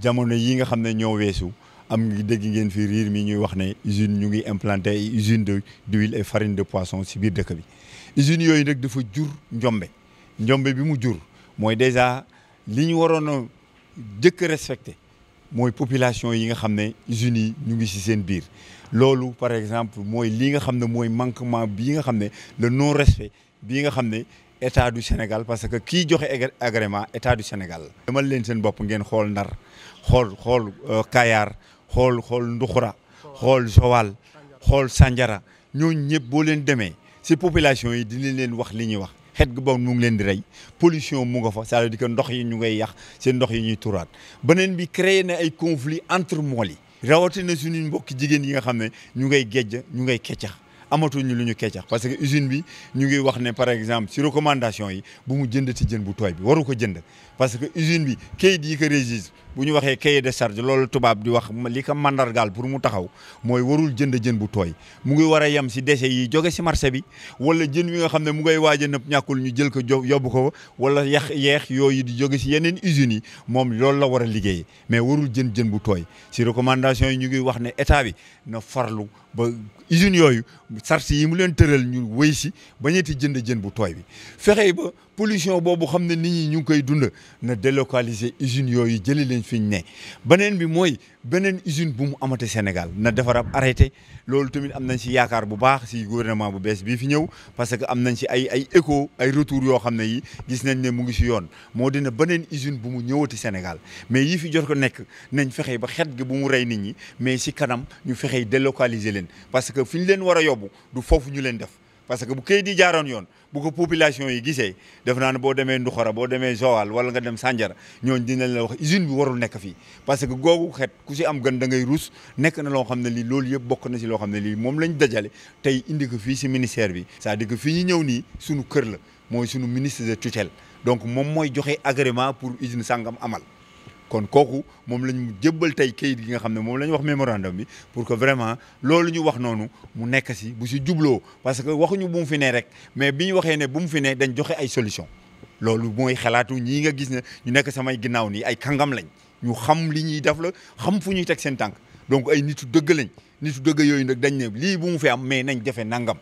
jamono yi nga xam ne ñoo weesu am ngi dégg ngeen fi riir mi ñuy wax ne usine ñu ngi implanté ay usine de d'huile et farine de poisson si biir dëkk bi usines yooyu nag dafa jur njombe njombe bi mu jur mooy déjà li ñu waroon a jëkk respecté mooy population yi nga xam ne usines yi ñu ngi si seen biir loolu par exemple mooy li nga xam ne mooy manquement bi nga xam ne le non respect bi nga xam ne état du Sénégal parce que kii joxe agrément état du Sénégal la. demal leen seen bopp ngeen xool Ndar xool xool euh, Kayar xool xool Nduxura xool Joal xool Sanjara ñoo ñëpp boo leen demee si population yi dinañ leen wax li ñuy wax xet gu bon mu ngi leen di rey pollution mu nga fa sa à dire que ndox yi ñu ngay yàq seen ndox yi ñuy turaat beneen bi créé na ay conflit entre mool yi rawatina suñu mbokki jigéen yi nga xam ne ñu ngay gejj ñu ngay keccax amatuñu lu ñu kecax parce que usine bi ñu ngi wax ne par exemple ci recommandation yi bu mu jënd ci jën bu tooy bi waru ko jënd parce que usine bi kayit yi ko régis bu ñu waxee cahier de charge loolu tubaab di wax li ko mandargaal pour mu taxaw mooy warul jënd jën bu tooy mu ngi war a yem si déchets yi jóge si marché bi wala jën wi nga xam ne mu ngay waaj a ñàkkul ñu jël ko yóbbu ko wala yax yeex yooyu di jóge si yeneen usines yi moom loolu la war a liggéey mais warul jën jën bu tooy si recommandation yi ñu ngi wax ne état bi na farlu ba usines yooyu sart yii mu leen tëral ñu wéy si bañeeti jënd jën bu tooy bi fexe ba pollution boobu xam ne nit ñi ñu ngi koy dund na délocaliser usines yooyu jëli leen fi ñu ne beneen bi mooy beneen usine bu mu amate Sénégal na defar ab loolu tamit am nañ si yaakaar bu baax si gouvernement bu bees bii fi ñëw parce que am nañ si ay ay écho ay retour yoo xam ne yi gis nañ ne mu ngi si yoon moo dina beneen usine bu mu ñëwati Sénégal mais yii fi jot ko nekk nañ fexe ba xet gi bu mu rey nit ñi mais si kanam ñu fexe délocaliser leen parce que fi ñu leen war a yobbu du foofu ñu leen def parce que bu kayit yi jaaroon yoon bu ko population yi gisee def naa ne boo demee Nduxora boo demee Joal wala nga dem Sandiara ñooñ dinañ la wax usine bi warul nekk fii parce que googu xeet ku si am gën da ngay ruus nekk na loo xam ne lii loolu yëpp bokk na si loo xam ne lii moom lañ dajale tey indi ko fii si ministère bi c'est-à-dire fii ñu ñëw nii suñu kër la mooy suñu ministre de tutelle donc moom mooy joxe agrément pour usine sangam amal kon kooku moom la ñu jébbal tey kayit gi nga xam ne moom la ñu wax mémorandum bi pour que vraiment loolu ñu wax noonu mu nekk si bu si jubloo parce que waxuñu bu mu fi ne rek mais bi ñu waxee ne bu mu fi ne dañ joxe ay solution loolu mooy xalaatu ñii nga gis ne ñu nekk samay ginnaaw nii ay kàngam lañ ñu xam li ñuy def la xam fu ñuy teg seen tànk donc ay nitu dëgg lañ nitu dëgg yooyu nag dañ ne lii bu mu fi am mais nañ jafe nangam